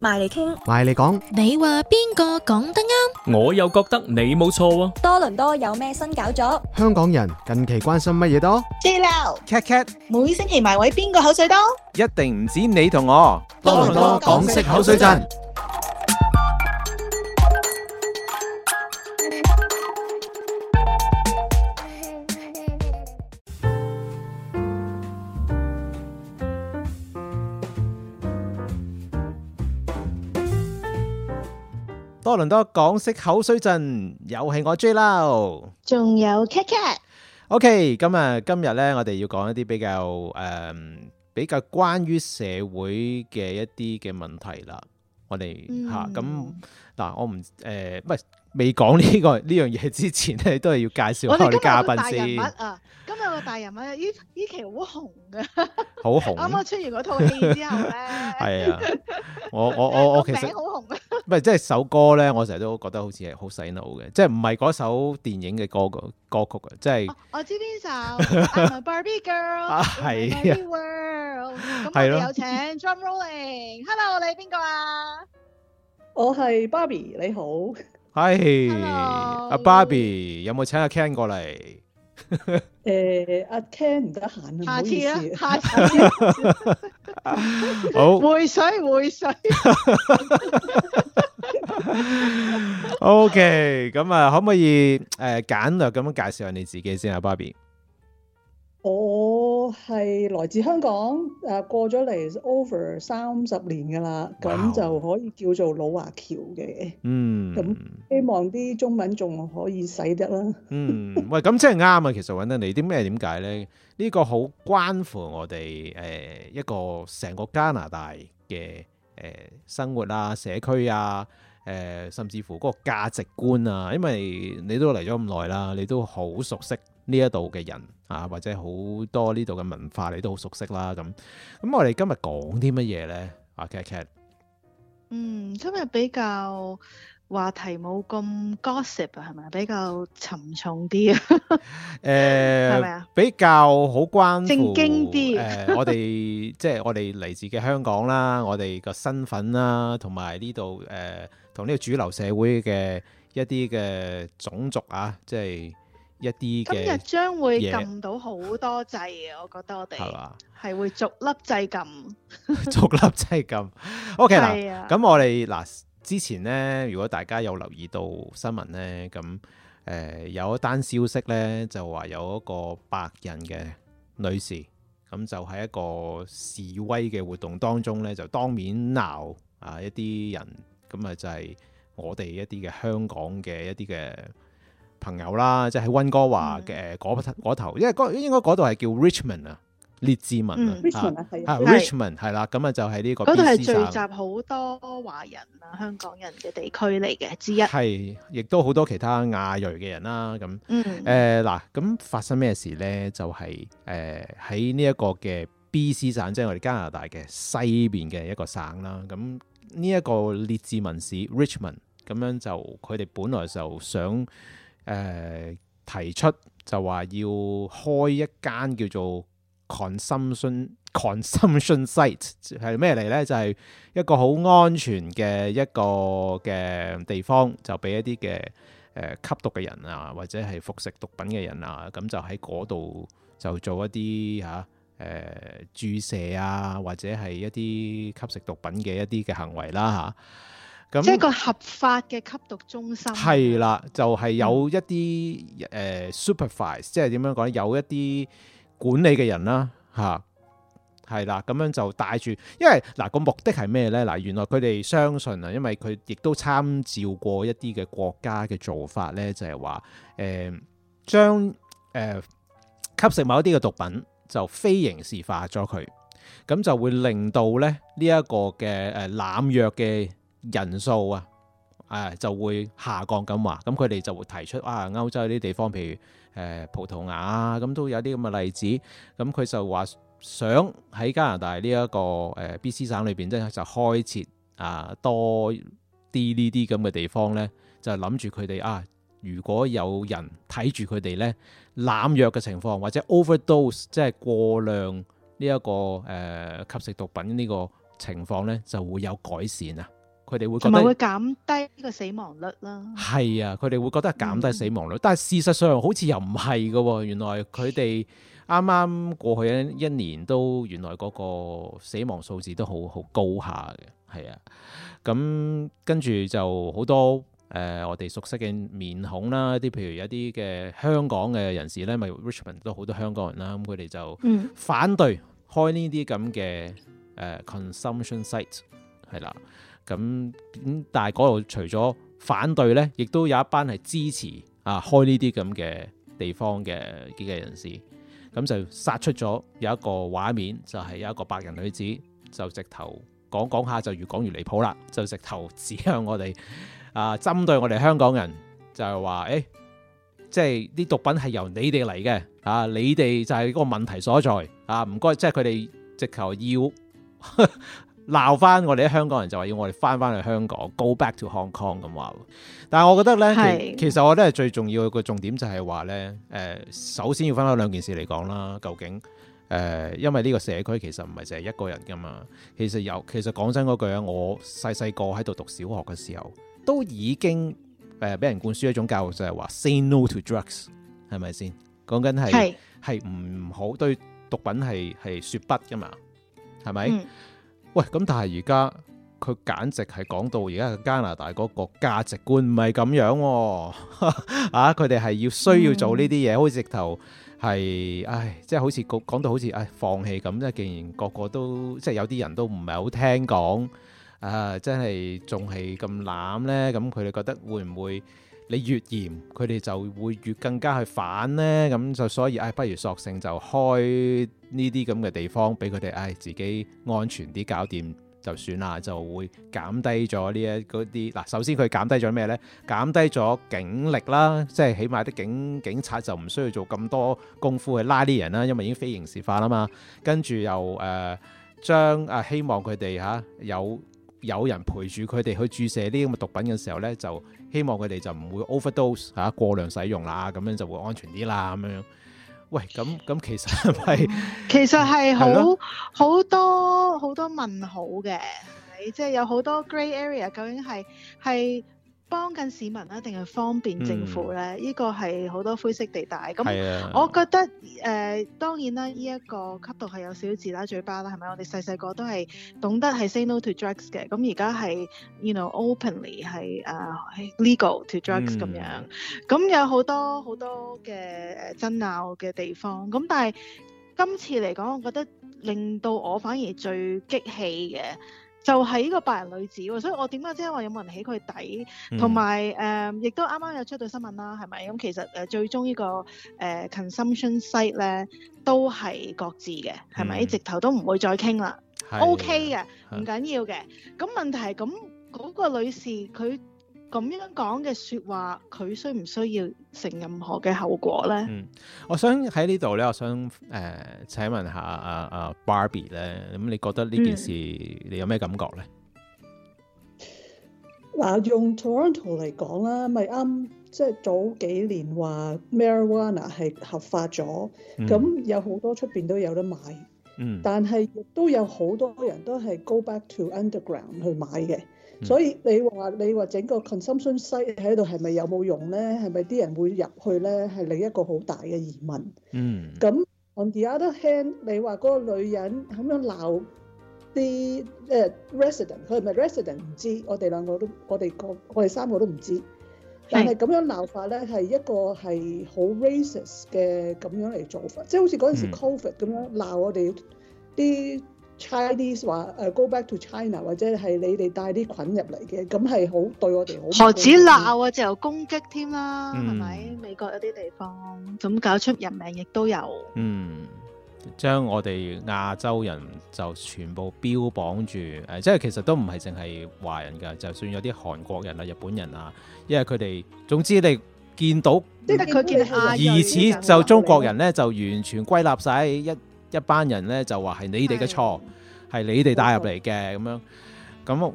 埋嚟傾，埋嚟講，你話邊個講得啱？我又覺得你冇錯。多倫多有咩新搞作？香港人近期關心乜嘢多？JLau、Kat Kat，每星期埋位邊個口水多？一定唔止你同我。多倫多港式口水陣。多倫多港式口水陣，又係我 JLau！仲有 Kat Kat。OK，今日今日咧，我哋要講一啲比較誒、嗯、比較關於社會嘅一啲嘅問題啦。我哋嚇咁嗱，我唔誒，唔、呃未講呢、這個呢樣嘢之前咧，都係要介紹我啲嘉賓先。今日大人物啊！今日個大人物依依、啊、期好紅嘅，好紅。啱啱出完嗰套戲之後咧，係 啊，我我 我我， 我其實好紅嘅。唔 係，即係首歌咧，我成日都覺得好似係好洗腦嘅， 即係唔係嗰首電影嘅歌歌歌曲啊，即係、啊。我知邊首 ？I'm a Barbie girl。係啊。咁、啊啊、我哋有請 John Rolling。Hello，你邊個啊？我係 Barbie，你好。係，阿 Barbie 有冇請阿 Ken 過嚟？誒，阿 Ken 唔得閒，下次啦、啊，下次、啊。好，回水回水。OK，咁啊， okay, 可唔可以誒簡略咁介紹下你自己先啊，Barbie。Barbie？我係來自香港誒、啊，過咗嚟 over 三十年噶啦，咁就可以叫做老華僑嘅。嗯，咁希望啲中文仲可以使得啦。嗯，嗯 喂，咁真係啱啊！其實搵得你啲咩？點解咧？呢、呢個好關乎我哋誒、呃、一個成個加拿大嘅誒、呃、生活啊、社區啊、誒、呃、甚至乎嗰個價值觀啊。因為你都嚟咗咁耐啦，你都好熟悉。呢一度嘅人啊，或者好多呢度嘅文化你都好熟悉啦。咁咁，咁我哋今日講啲乜嘢咧？啊，Kat 嗯，今日比較話題冇咁 gossip 啊，係咪比較沉重啲，誒、呃，係咪啊？比較好關乎正經啲。誒、呃，我哋即係我哋嚟自嘅香港啦， 我哋個身份啦，同埋呢度誒，同、呃、呢個主流社會嘅一啲嘅種族啊，即係。一啲嘅今日將會撳到好多掣嘅，我覺得我哋係嘛，係會逐粒掣撳，逐粒掣撳。 OK 啦、啊，咁我哋嗱之前呢，如果大家有留意到新聞呢，咁、呃、有一單消息呢，就話有一個白人嘅女士，咁就喺一個示威嘅活動當中呢，就當面鬧啊一啲人，咁啊就係我哋一啲嘅香港嘅一啲嘅。朋友啦，即係溫哥華嘅嗰頭，因為嗰應該嗰度係叫 Richmond、嗯、啊，列治文啊，Richmond 係啦。咁啊，Richmond, 是就喺呢個嗰度係聚集好多華人啊、香港人嘅地區嚟嘅之一係，亦都好多其他亞裔嘅人啦。咁誒嗱，咁、嗯呃、發生咩事咧？就係誒喺呢一個嘅 B.C 省，即、就、係、是、我哋加拿大嘅西邊嘅一個省啦。咁呢一個列治文市 Richmond 咁樣就佢哋本來就想。誒、呃、提出就話要開一間叫做 consumption consumption site 係咩嚟呢？就係、是、一個好安全嘅一個嘅地方就，就俾一啲嘅誒吸毒嘅人啊，或者係服食毒品嘅人啊，咁就喺嗰度就做一啲嚇誒注射啊，或者係一啲吸食毒品嘅一啲嘅行為啦、啊、嚇。即係一個合法嘅吸毒中心係啦、嗯，就係、是、有一啲誒、呃、supervise，即係點樣講，有一啲管理嘅人啦，嚇係啦。咁樣就帶住，因為嗱個、啊、目的係咩咧？嗱，原來佢哋相信啊，因為佢亦都參照過一啲嘅國家嘅做法咧，就係話誒將誒吸食某一啲嘅毒品就非刑事化咗佢，咁就會令到咧呢一、呢個嘅誒、呃、濫藥嘅人數啊，呃，就會下降咁話，咁佢哋就會提出啊，歐洲呢啲地方，譬如、呃、葡萄牙啊，咁都有啲咁嘅例子。咁佢就話想喺加拿大呢、這、一個、呃、B.C 省裏面，即係就開設啊多啲呢啲咁嘅地方咧，就諗住佢哋啊，如果有人睇住佢哋咧濫藥嘅情況，或者 overdose 即係過量呢、這、一個、呃、吸食毒品呢個情況咧，就會有改善啊。佢哋會覺得會減低呢個死亡率啦。係啊，佢哋會覺得係減低死亡率，嗯、但係事實上好似又唔係嘅喎。原來佢哋啱啱過去一年都原來嗰個死亡數字都好好高下嘅。係啊，咁、嗯、跟住就好多誒、呃，我哋熟悉嘅面孔啦，啲譬如一啲嘅香港嘅人士咧，咪 Richmond 都好多香港人啦。咁佢哋就反對開呢啲咁嘅誒 consumption site 係啦、啊。咁咁，但係嗰度除咗反對咧，亦都有一班係支持啊，開呢啲咁嘅地方嘅機嘅人士，咁就殺出咗有一個畫面，就係有一個白人女子就直頭講講下，就越講越離譜啦，就直頭指向我哋啊，針對我哋香港人，就係話誒，即係啲毒品係由你哋嚟嘅啊，你哋就係嗰個問題所在啊，唔該，即係佢哋直頭要。呵呵鬧翻我哋啲香港人，就話要我哋翻翻去香港，go back to Hong Kong 咁話。但係我覺得咧，其實我覺得係最重要嘅個重點就係話咧，首先要分開兩件事嚟講啦。究竟、呃、因為呢個社區其實唔係淨係一個人噶嘛。其實由其實講真嗰句啊，我細細個喺度讀小學嘅時候，都已經誒俾人灌輸一種教育就係、是、話 say no to drugs 係咪先？講緊係係唔好對毒品係係説不噶嘛，係咪？嗯喂，咁但係而家佢簡直係講到而家加拿大嗰個價值觀唔係咁樣喎、哦， 啊，佢哋係要需要做呢啲嘢，好似直頭係，唉，即係好似講到好似唉放棄咁，即係竟然個個都即係有啲人都唔係好聽講，啊，真係仲係咁攬呢。咁佢哋覺得會唔會？你越嚴，佢哋就會越更加去反咧。咁就所以，唉，不如索性就開呢啲咁嘅地方，俾佢哋唉自己安全啲，搞掂就算啦，就會減低咗呢一啲。嗱，首先佢減低咗咩咧？減低咗警力啦，即係起碼啲警警察就唔需要做咁多功夫去拉啲人啦，因為已經非刑事化啦嘛。跟住又誒，將啊希望佢哋吓有有人陪住佢哋去注射呢啲咁嘅毒品嘅時候咧，就。希望佢哋就唔會 overdose 嚇、啊、過量使用啦，咁樣就會安全啲啦。咁樣，喂，咁咁其實係 其實係好好多好多問號嘅，即係、就是、有好多 grey area，究竟係係。幫緊市民咧，定係方便政府咧？依、嗯，這個係好多灰色地帶。咁、啊、我覺得誒、呃，當然啦，呢、這、一個吸毒係有少少自打嘴巴啦，係咪？我哋細細個都係懂得係 say no to drugs 嘅。咁而家係 you know openly 係、uh, legal to drugs 咁、嗯、樣。咁有好多好多嘅誒爭拗嘅地方。咁但係今次嚟講，我覺得令到我反而最激氣嘅。就係、是、呢個白人女子喎，所以我點解先話有冇人起佢底？同埋誒，亦、嗯呃、都啱啱有出到新聞啦，係咪？咁其實誒最終呢、這個誒、呃、consumption site 咧都係各自嘅，係咪？嗯、直頭都唔會再傾啦，OK 嘅，唔緊要嘅。咁問題係，咁嗰、那個女士佢。咁樣講嘅說話，佢需唔需要承任何嘅後果咧？嗯，我想喺呢度咧，我想誒、呃、請問下阿阿、啊啊、Barbie 咧，咁你覺得呢件事、嗯、你有咩感覺咧？嗱、啊，用 Toronto 嚟講啦，咪啱即係早幾年話 Marijuana 係合法咗，咁、嗯、有好多出面都有得買，嗯，但係亦都有好多人都係 Go back to underground 去買嘅。所以你話你話整個 consumption site 喺度係咪有冇用咧？係咪啲人會入去咧？係另一個好大嘅疑問。嗯、mm.。咁 on the other hand，你話嗰個女人咁樣鬧啲、uh, resident，佢係咪 resident 唔知？我哋兩個都我哋個我哋三個都唔知。係。但係咁樣鬧法咧，係一個係好 racist 嘅咁樣嚟做法，即、就、係、是、好似嗰陣時 covid 咁樣鬧我哋啲。Mm. Chinese 話，誒、uh，go back to China，或者係你哋帶啲菌入嚟嘅，咁係好對我哋好。何止鬧啊，就有攻擊添啦，係、嗯、咪？美國有啲地方，咁搞出人命亦都有。嗯，將我哋亞洲人就全部標榜住誒，即係其實都唔係淨係華人㗎，就算有啲韓國人啊、日本人啊，因為佢哋，總之你見到，即係佢見到，而此就中國人咧就完全歸納晒一一班人咧就話係你哋嘅錯，係你哋帶入嚟嘅咁樣，咁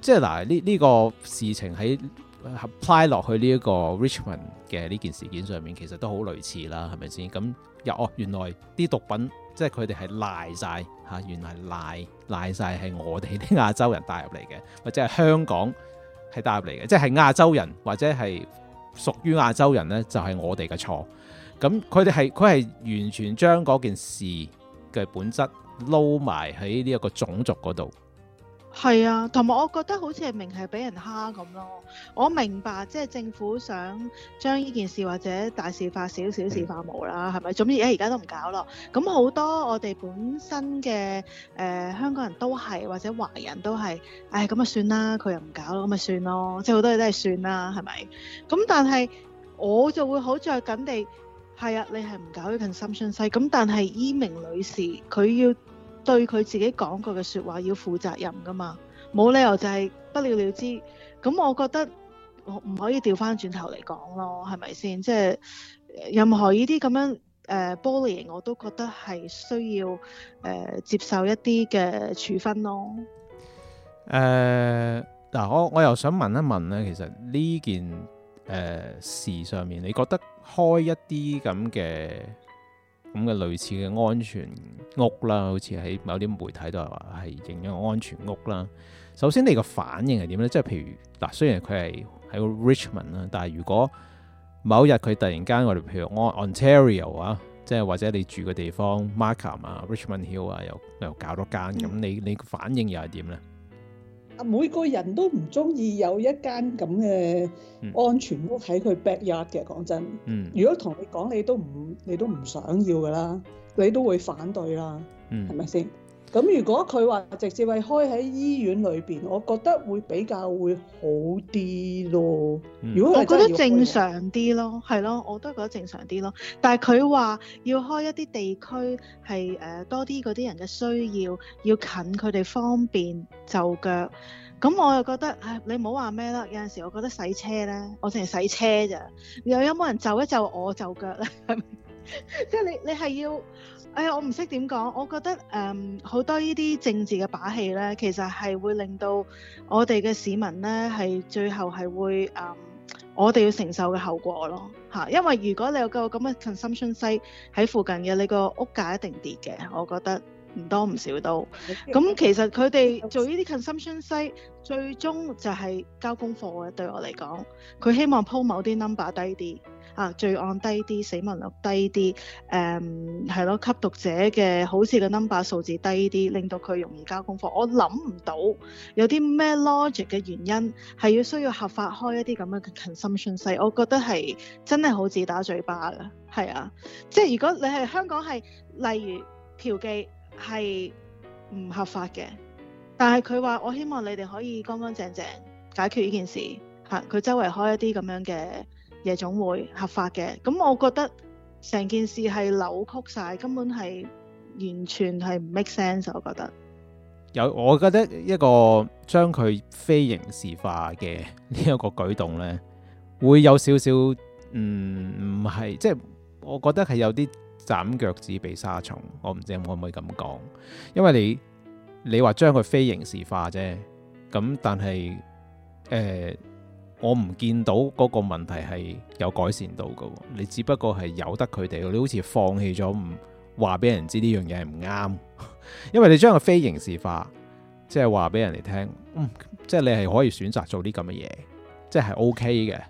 即係嗱呢呢個事情喺 apply 落去呢一個 Richmond 嘅呢件事件上面，其實都好類似啦，係咪先？咁又哦，原來啲毒品即係佢哋係賴晒，嚇，原來賴賴晒係我哋啲亞洲人帶入嚟嘅，或者係香港係帶入嚟嘅，即係亞洲人或者係屬於亞洲人咧，就係、是、我哋嘅錯。咁佢哋係佢係完全將嗰件事嘅本質撈埋喺呢一個種族嗰度。係啊，同埋我覺得好似係明係俾人蝦咁咯。我明白，即係政府想將呢件事或者大事化小，小事化冇啦，係咪？總之，誒而家都唔搞咯。咁好多我哋本身嘅誒香港人都係，或者華人都係，唉，咁咪算啦。佢又唔搞咯，咁咪算咯。即係好多嘢都係算啦，係咪？咁但係我就會好著緊地。係啊，你係唔搞呢份 consumption site 咁，但係依名女士佢要對佢自己講過嘅説話要負責任㗎嘛，冇理由就係不了了之。咁我覺得唔可以調翻轉頭嚟講咯，係咪先？即係任何呢啲咁樣誒、呃、bullying, 我都覺得係需要誒、呃、接受一啲嘅處分咯。誒、呃、嗱，我我又想問一問咧，其實呢件誒、呃、事上面，你覺得開一啲咁嘅咁嘅類似嘅安全屋啦，好似喺某啲媒體都係話係營養安全屋啦。首先你個反應係點咧？即係譬如嗱，雖然佢係喺 Richmond 啦，但係如果某日佢突然間我哋譬如 Ontario 啊，即係或者你住嘅地方 Markham 啊、Richmond Hill 啊，又又搞多間咁，你你個反應又係點咧？每個人都唔中意有一間咁嘅安全屋喺佢 backyard 嘅，講真，嗯，如果同你講，你都唔你都唔想要㗎啦，你都會反對啦，嗯，係咪先？是咁如果佢話直接係開喺醫院裏邊，我覺得會比較會好啲咯、嗯。如果我覺得正常啲咯，係咯，我都覺得正常啲咯，咯，咯。但係佢話要開一啲地區係誒多啲嗰啲人嘅需要，要近佢哋方便就腳。咁我又覺得，唉，你唔好話咩啦。有陣時我覺得洗車咧，我淨係洗車咋。又有冇人就一就我就腳咧？係咪？即 係你你係要？哎呀，我唔識點講，我覺得誒好、嗯、多呢啲政治嘅把戲呢，其實係會令到我哋嘅市民呢，係最後係會誒、嗯，我哋要承受嘅後果咯嚇。因為如果你有個咁嘅 consumption 西喺附近嘅，你個屋價一定跌嘅，我覺得唔多唔少都。咁、嗯、其實佢哋做呢啲 consumption 西，最終就係交功課嘅。對我嚟講，佢希望鋪某啲 number 低啲。啊，罪案低啲，死亡率低啲，誒、嗯，係咯，吸毒者嘅好似個 number 數字低啲，令到佢容易交功課。我諗唔到有啲咩 logic 嘅原因係要需要合法開一啲咁樣嘅 consumption 室。我覺得係真係好自打嘴巴啦。係啊，即係如果你係香港係例如嫖妓係唔合法嘅，但係佢話我希望你哋可以乾乾淨淨解決呢件事。吓，佢周圍開一啲咁樣嘅。夜總會合法嘅，咁我覺得成件事係扭曲晒，根本係完全係唔 make sense。我覺得有，我覺得一個將佢非刑事化嘅呢一個舉動呢，會有少少，嗯，唔係，即係我覺得係有啲斬腳趾被沙蟲。我唔知可唔可以咁講？因為你你話將佢非刑事化啫，咁但係誒。呃我唔見到嗰個問題係有改善到嘅喎，你只不過係由得佢哋，你好似放棄咗唔話俾人知呢樣嘢係唔啱，因為你將個非刑事化即係話俾人哋聽，嗯，即係你係可以選擇做啲咁嘅嘢，即係 OK 嘅。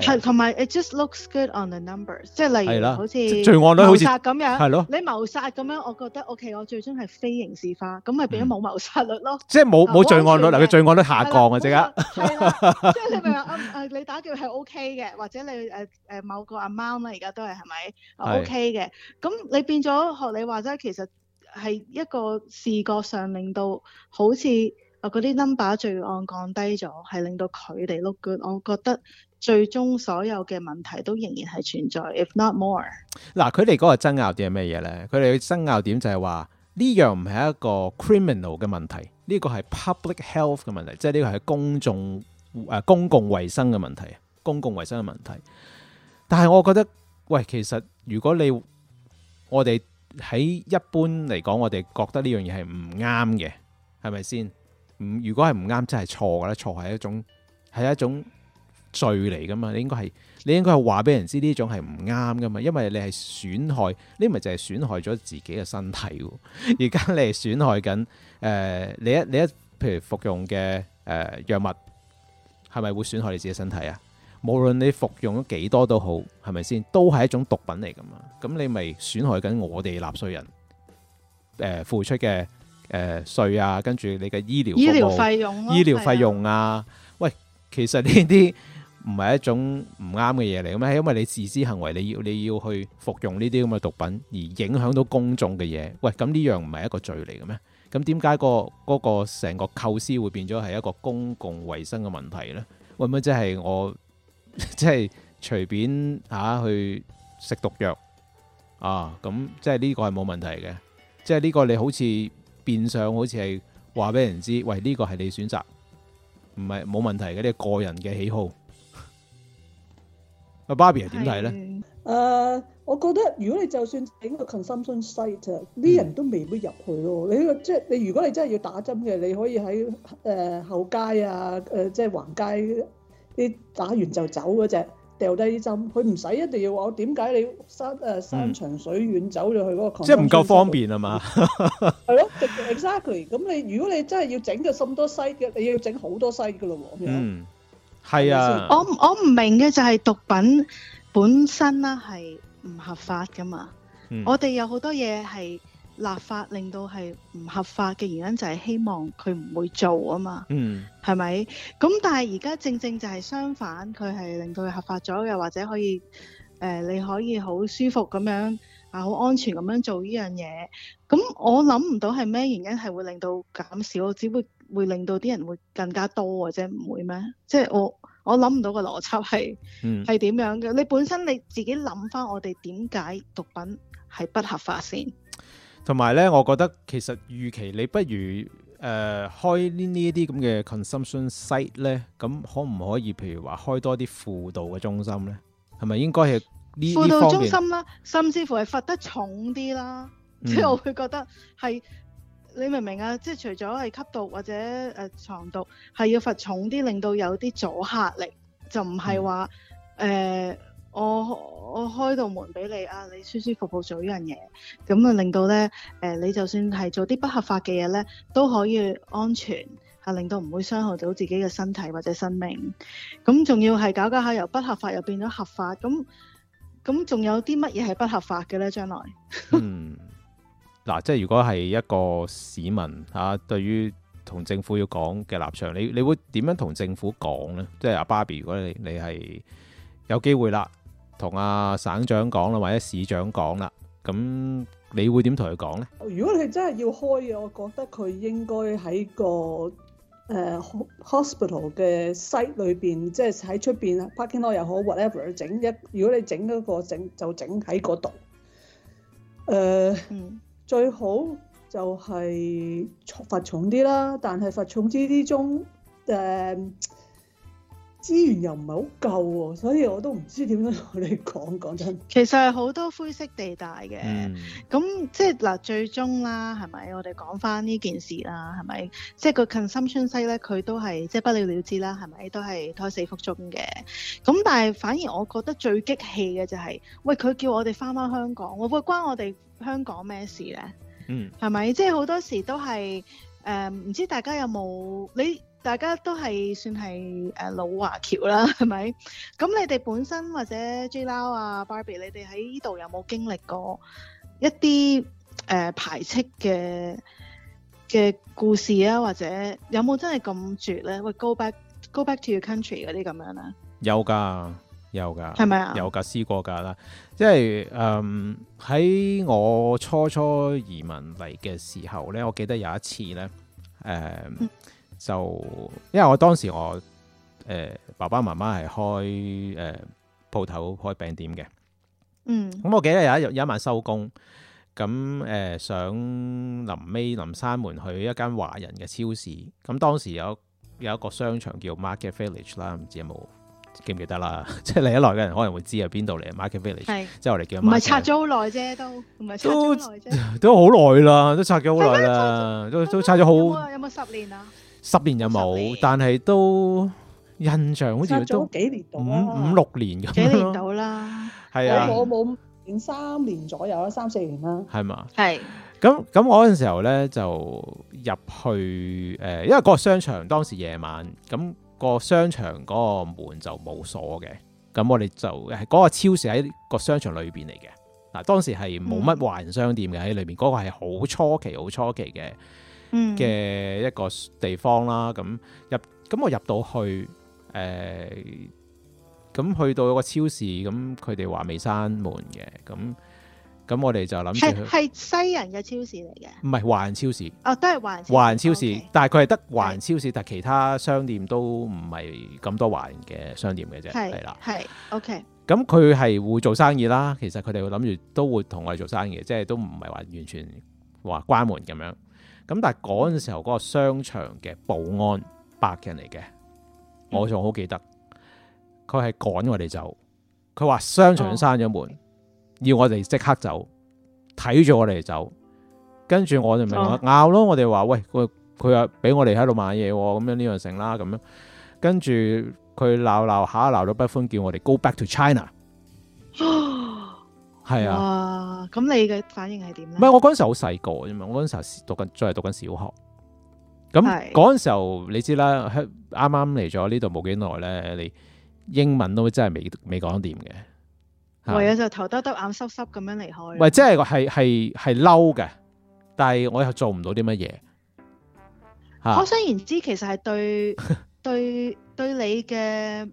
係同埋，It just looks good on the numbers。即係例如，好似罪案率好似謀殺咁樣，係咯？你謀殺咁樣，我覺得 OK。我最終係非刑事化，咁咪變咗冇謀殺率咯。即係冇冇罪案率嗱，佢罪案率下降啊！而家係啦，即係你咪阿誒，你打叫係 OK 嘅，或者你誒誒某個阿媽咧，而家都係係咪 OK 嘅？咁你變咗學你話齋，其實係一個視覺上令到好似啊嗰啲 number 罪案降低咗，係令到佢哋 look good。我覺得。最終所有嘅問題都仍然係存在，if not more。嗱，佢哋講嘅爭拗點係咩嘢呢？佢哋嘅爭拗點就係話呢樣唔係一個 criminal 嘅問題，呢、這個係 public health 嘅問題，即係呢個係公眾誒、呃、公共衞生嘅問題，公共衞生嘅問題。但係我覺得，喂，其實如果你我哋喺一般嚟講，我哋覺得呢樣嘢係唔啱嘅，係咪先？唔如果係唔啱，即係錯嘅，啦，錯係一種係一種。罪嚟噶嘛？你應該係，你應該係話俾人知呢種係唔啱噶嘛？因為你係損害，呢咪就係損害咗自己嘅身體。而家你係損害緊，誒、呃，你一你一，譬如服用嘅誒、呃、藥物，係咪會損害你自己身體啊？無論你服用咗幾多都好，係咪先？都係一種毒品嚟噶嘛？咁你咪損害緊我哋納稅人，誒、呃、付出嘅誒、呃、稅啊，跟住你嘅醫療醫療費用，醫療費用啊？用啊啊喂，其實呢啲。 唔係一種唔啱嘅嘢嚟嘅咩？係因為你自私行為，你要你要去服用呢啲咁嘅毒品，而影響到公眾嘅嘢。喂，咁呢樣唔係一個罪嚟嘅咩？咁點解個、嗰個成個構思會變咗係一個公共衛生嘅問題呢？唔咪即係我即係、即係、隨便吓去食毒藥啊？咁即係呢個係冇問題嘅，即係呢個你好似變相，好似係話俾人知，喂呢、呢個係你選擇，唔係冇問題嘅，你個人嘅喜好。個芭比係點睇咧？誒，uh, 我覺得如果你就算整個 consumption site，啊、嗯，啲人都未必入去咯。你即係你，如果你真係要打針嘅，你可以喺誒、呃、後街啊，誒、呃、即係橫街啲打完就走嗰隻，掉低啲針。佢唔使一定要話我，點解你山誒、嗯、山長水遠走咗去嗰個。即係唔夠方便啊嘛？係 咯 ，exactly。咁你如果你真係要整個咁多 site 嘅，你要整好多 site 噶咯喎。嗯。係啊，我唔，我我唔明嘅就係毒品本身啦，係唔合法噶嘛、嗯。我哋有好多嘢係立法令到係唔合法嘅原因，就係希望佢唔會做啊嘛，嗯。嗯，係咪？咁但係而家正正就係相反，佢係令到佢合法咗嘅，或者可以誒、呃，你可以好舒服咁樣啊，好安全咁樣做呢樣嘢。咁我諗唔到係咩原因係會令到減少，我只會。會令到啲人會更加多或者唔會咩？即係我我諗唔到個邏輯係係點樣嘅。你本身你自己諗返，我哋點解毒品係不合法先？同埋咧，我覺得其實預期你不如誒、呃、開呢呢一啲咁嘅 consumption site 咧，咁可唔可以譬如話開多啲輔導嘅中心咧？係咪應該係呢？輔導中心啦，甚至乎係罰得重啲啦。嗯、即係我會覺得係。你明唔明啊？即係除咗係吸毒或者誒藏、呃、毒，係要罰重啲，令到有啲阻嚇力，就唔係話誒我我開道門俾你啊，你舒舒服服做呢樣嘢。咁啊令到咧誒、呃、你就算係做啲不合法嘅嘢咧，都可以安全，係令到唔會傷害到自己嘅身體或者生命。咁仲要係搞搞下由不合法又變咗合法，咁咁仲有啲乜嘢係不合法嘅咧？將來 嗯。嗱、啊，即係如果係一個市民啊，對於同政府要講嘅立場，你你會點樣同政府講咧？即係阿 Barbie，如果你你係有機會啦，同阿、啊、省長講啦，或者市長講啦，咁你會點同佢講咧？如果你真係要開嘅，我覺得佢應該喺個誒、呃、hospital 嘅 site 裏邊，即係喺出邊 parking lot 又好 whatever，整一如果你整一個整就整喺嗰度誒。呃嗯最好就係罰重啲啦，但係罰重啲之中，誒、嗯。資源又唔係好夠喎，所以我都唔知點樣同你講，講真。其實係好多灰色地帶嘅，咁、嗯、即係嗱，最終啦，係咪？我哋講翻呢件事啦，係咪？即係個 consumption 西咧，佢都係即係不了了之啦，係咪？都係胎死腹中嘅。咁但係反而我覺得最激氣嘅就係、是，喂佢叫我哋翻翻香港，會關我哋香港咩事咧？嗯，係咪？即係好多時都係誒，唔、呃、知大家有冇你？大家都係算係誒老華僑啦，係咪？咁你哋本身或者 J 佬啊、Barbie，你哋喺呢度有冇經歷過一啲誒、呃、排斥嘅嘅故事啊？或者有冇真係咁絕咧？喂，Go back，Go back to your country 嗰啲咁樣是是啊？有㗎，有㗎，係咪啊？有㗎，試過㗎啦。即係誒喺我初初移民嚟嘅時候咧，我記得有一次咧，誒、嗯。嗯就因為我當時我誒、呃、爸爸媽媽係開誒鋪頭開餅店嘅，嗯，咁我記得有一有一晚收工，咁誒上臨尾臨山門去一間華人嘅超市，咁當時有有一個商場叫 Market Village 啦，唔知有冇記唔記得啦？ 即係嚟得耐嘅人可能會知啊，邊度嚟 Market Village，是即係我哋叫唔係拆咗好耐啫，都唔係拆咗好耐啫，都好耐啦，都拆咗好耐啦，都拆咗好耐啦，都，都拆咗好有冇十年啊？十年又冇，但係都印象好似都五多年多五五六年咁，幾年到啦？係啊，我冇兩三年左右啦，三四年啦。係嘛？係。咁咁，我嗰時候咧就入去誒、呃，因為嗰個商場當時夜晚，咁個商場嗰個門就冇鎖嘅，咁我哋就係嗰、那個超市喺個商場裏邊嚟嘅。嗱，當時係冇乜華人商店嘅喺裏邊，嗰、那個係好初期，好初期嘅。嘅、嗯、一個地方啦，咁入咁我入到去，誒、呃、咁去到個超市，咁佢哋話未閂門嘅，咁咁我哋就諗住去係西人嘅超市嚟嘅，唔係華人超市哦，都係華人華人超市，但係佢係得華人超市，超市 OK，但係其他商店都唔係咁多華人嘅商店嘅啫，係啦，係 OK。咁佢係會做生意啦，其實佢哋會諗住都會同我哋做生意，即、就、係、是、都唔係話完全話關門咁樣。咁但係嗰陣時候嗰個商場嘅保安白人嚟嘅，我仲好記得，佢係趕我哋走，佢話商場閂咗門、哦，要我哋即刻走，睇住我哋走，跟住我就問我拗咯，我哋話喂佢佢話俾我哋喺度買嘢咁樣呢樣成啦咁樣，跟住佢鬧鬧下鬧到不歡，叫我哋 Go back to China。哦係啊，咁你嘅反應係點咧？唔係我嗰陣時好細個啫嘛，我嗰陣時候讀緊，仲係讀緊小學。咁嗰陣時候，你知啦，啱啱嚟咗呢度冇幾耐咧，你英文都真係未未講掂嘅，唯有就頭耷耷，眼濕濕咁樣離開。唔係，即係係係係嬲嘅，但係我又做唔到啲乜嘢。可想而知，其實係對 對對你嘅誒。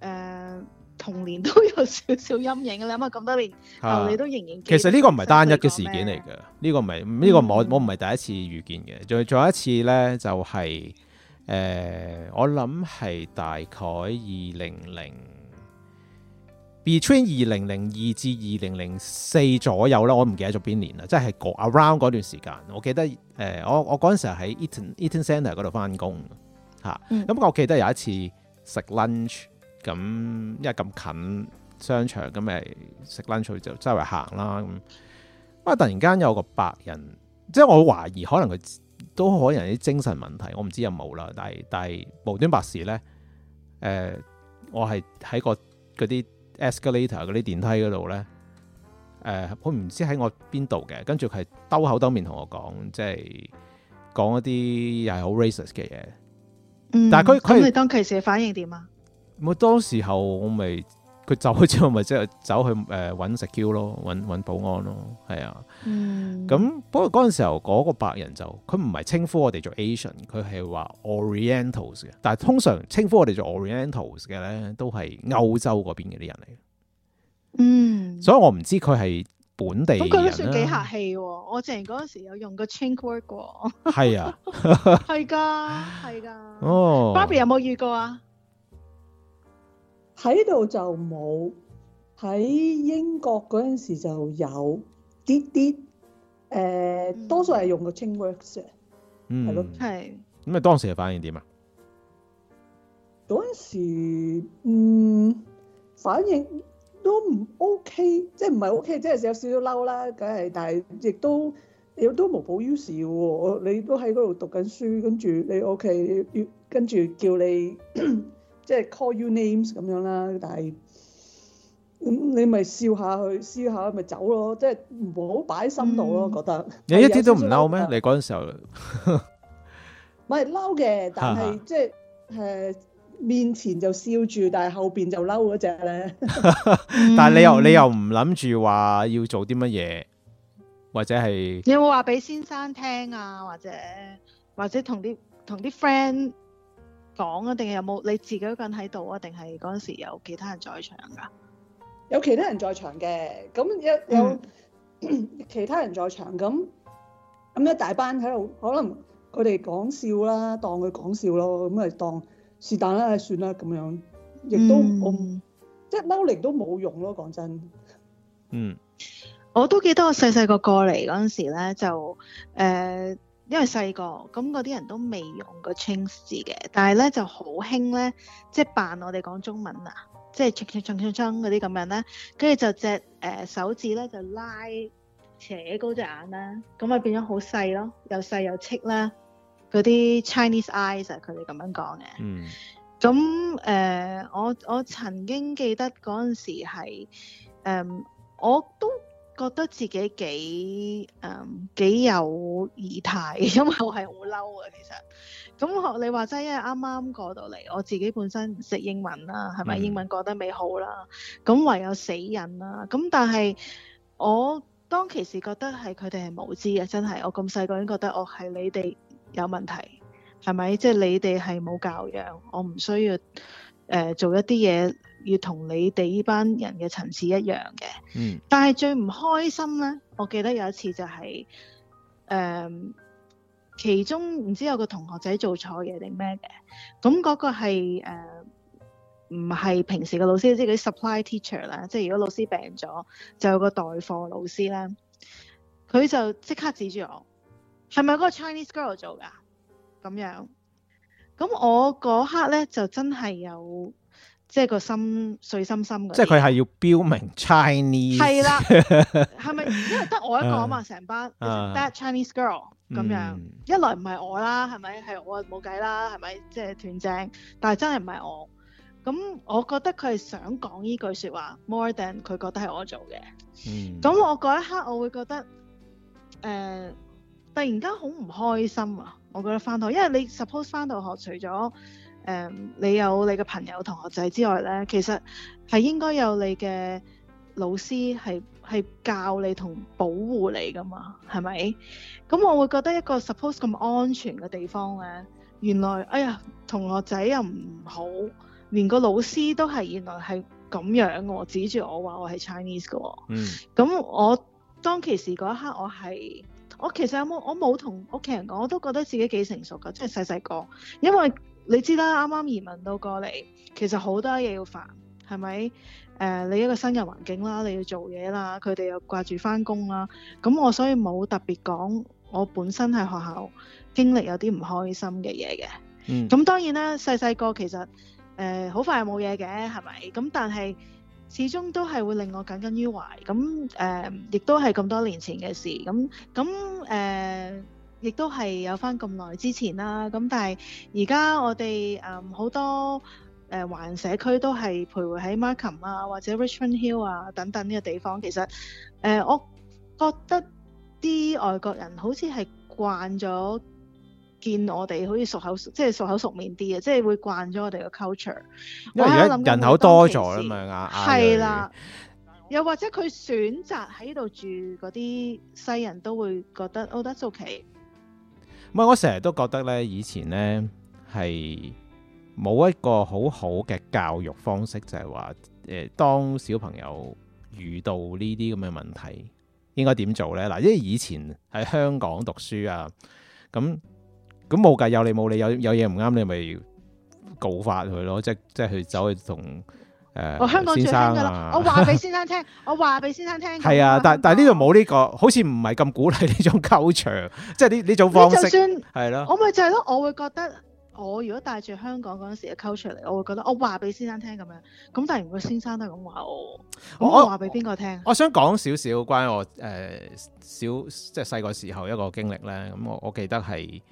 呃童年都有少少陰影嘅，你諗下咁多年、啊，你都仍然。其實呢個唔係單一嘅事件嚟嘅，呢、這個唔係呢個我、嗯、我唔係第一次遇見嘅，再再一次咧就係、是、誒、呃，我諗係大概二零零 between 二零零二至二零零四左右啦，我唔記得咗邊年啦，即係個 around 嗰段時間，我記得誒、呃，我我嗰陣時喺 Eaton Eaton Centre 嗰度翻工嚇，咁、啊嗯、我記得有一次食 lunch。咁因為咁近商場，咁咪食 lunch 就周圍行啦。咁啊，突然間有個白人，即係我懷疑可能佢都可能有啲精神問題，我唔知有冇啦。但係但係無端白事咧，誒、呃，我係喺個嗰啲 escalator 嗰啲電梯嗰度咧，誒、呃，佢唔知喺我邊度嘅，跟住佢係兜口兜，兜面同我講，即係講一啲又係好 racist 嘅嘢、嗯。但係佢佢當其時反應點啊？咁啊，當時候我咪佢走咗之後，咪即係走去誒揾 security 咯，呃、揾揾保安咯，係啊。嗯。咁、嗯、不過嗰陣時候嗰個白人就佢唔係稱呼我哋做 Asian，佢係話 Orientals 嘅。但係通常稱呼我哋做 Orientals 嘅咧，都係歐洲嗰邊嗰啲人嚟。嗯。所以我唔知佢係本地人、啊。咁佢都算幾客氣喎、哦！我之前嗰陣時候有用個 chink work 喎。係啊。係 噶， 係噶。哦、oh。Barbie 有冇遇過啊？喺度就冇，喺英國嗰陣時就有啲啲，誒多數係用個青光石，係咯，咁咪當時嘅反應點啊？嗰陣時，嗯，反應都唔 OK，即係唔係 OK，即係有少少嬲啦，梗係，但係亦都亦都無補於事嘅喎，你都喺嗰度讀緊書，跟住你 OK 要跟住叫你。即係 call you names 咁樣啦，但係咁、嗯、你咪笑下去，笑下咪走咯，即係唔好擺喺心度咯、嗯。覺得你、嗯、一啲都唔嬲咩？你嗰陣時候唔係嬲嘅，但係、啊、即係誒面前就笑住，但係後邊就嬲嗰隻咧。嗯、 但係你又你又唔諗住話要做啲乜嘢，或者係有冇話俾先生聽啊？或者或者同啲同啲 friend 講啊？定係有冇你自己一個人喺度啊？定係嗰陣時有其他人在場㗎？有其他人在場嘅，咁、嗯、有有其他人在場，咁咁一大班喺度，可能佢哋講笑啦，當佢講笑咯，咁咪當是但啦，就算啦咁樣，亦都、嗯、我即係嬲嚟都冇用咯，講真。嗯。我都記得我細細個過嚟嗰陣時咧，就誒。呃因為細個咁嗰啲人都未用過 Chinese 字嘅，但係咧就好興咧，即係扮我哋講中文啊，即係唱唱唱唱唱嗰啲咁樣咧，跟住就隻、呃、手指咧就拉斜高隻眼啦，咁啊變咗好細咯，又細又戚啦，嗰啲 Chinese eyes 佢哋咁樣講嘅。嗯。咁、呃、我我曾經記得嗰陣時係、呃、我都。覺得自己幾誒、嗯、幾有儀態，因為我係好嬲啊，其實。咁我你話齋因為啱啱過到嚟，我自己本身唔識英文啦，係咪、嗯、英文覺得未好啦？咁唯有死忍啦。咁但係我當其時覺得係佢哋係無知嘅，真係我咁細個已經覺得我係你哋有問題，係咪？即、就、係、是、你哋係冇教養，我唔需要誒、呃、做一啲嘢。要同你哋呢班人嘅層次一樣嘅、嗯，但係最唔開心咧，我記得有一次就係、是嗯、其中唔知有個同學仔做錯嘢定咩嘅，咁、嗯、嗰、嗰個係唔係平時嘅老師，即係啲 supply teacher 啦，即係如果老師病咗就有個代課老師咧，佢就即刻指住我係咪嗰個 Chinese girl 做㗎咁樣，咁我嗰刻咧就真係有。即係個心碎心心嘅。即係佢係要標明 Chinese 是是。係啦，係咪因為得我一個啊嘛？成、啊、班 that、啊、Chinese girl 咁樣、嗯，一來唔係我啦，係咪？係我冇計啦，係咪？即係斷正，但係真係唔係我。咁我覺得佢係想講呢句説話，more than 佢覺得係我做嘅。嗯。咁我嗰一刻我會覺得，誒、呃，突然間好唔開心啊！我覺得翻到，因為你 suppose 翻到學除咗。Um, 你有你嘅朋友同學仔之外咧，其實係應該有你嘅老師係係教你同保護你噶嘛，係咪？咁我會覺得一個 suppose 咁安全嘅地方咧，原來哎呀，同學仔又唔好，連個老師都係原來係咁樣喎，指住我話我係 Chinese 嘅喎。嗯。咁我當其時嗰一刻我係，我係我其實有冇我冇同屋企人講，我都覺得自己幾成熟噶，即係細細個，因為。你知啦，啱啱移民到過嚟，其實好多嘢要煩，係咪？誒、呃，你一個新嘅環境啦，你要做嘢啦，佢哋又掛住翻工啦。咁我所以冇特別講，我本身喺學校經歷有啲唔開心嘅嘢嘅。嗯。咁當然啦，細細個其實誒、呃，好快冇嘢嘅，係咪？咁但係始終都係會令我耿耿於懷。咁誒、呃，亦都係咁多年前嘅事。咁咁誒。亦都係有翻咁耐之前啦、啊，咁但係而家我哋誒好多誒華人、呃、社區都係徘徊喺 Markham 啊或者 Richmond Hill 啊等等呢個地方。其實誒、呃，我覺得啲外國人好似係慣咗見我哋好似熟口即係熟口熟面啲嘅，即係會慣咗我哋個 culture。我為而家人口多咗咁啊嘛，係、哎、啦。又、哎哎、或者佢選擇喺度住嗰啲西人都會覺得 old 熟悉。Oh, that's okay. 唔，我成日都覺得咧，以前咧係冇一個好好嘅教育方式，就係話誒，當小朋友遇到呢啲咁嘅問題，應該點做咧？嗱，因為以前喺香港讀書啊，咁咁冇計，有理冇理，有有嘢唔啱，你咪告發佢咯，即即係走去同。我、呃、香港最興㗎啦！啊、我話俾先， 先生聽，我話俾先生聽。係啊，我但但係呢度冇呢個，好似唔係咁鼓勵呢種溝場，即係呢呢種方式。你就算係咯，我咪就係、係、咯，我會覺得我如果帶住香港嗰陣時嘅溝出嚟，我會覺得我話俾先生聽咁樣。咁但係如果先生都係咁話我，我話畀邊個聽？我想講少少關於我誒小，即係細個時候的一個經歷咧。咁我我記得係。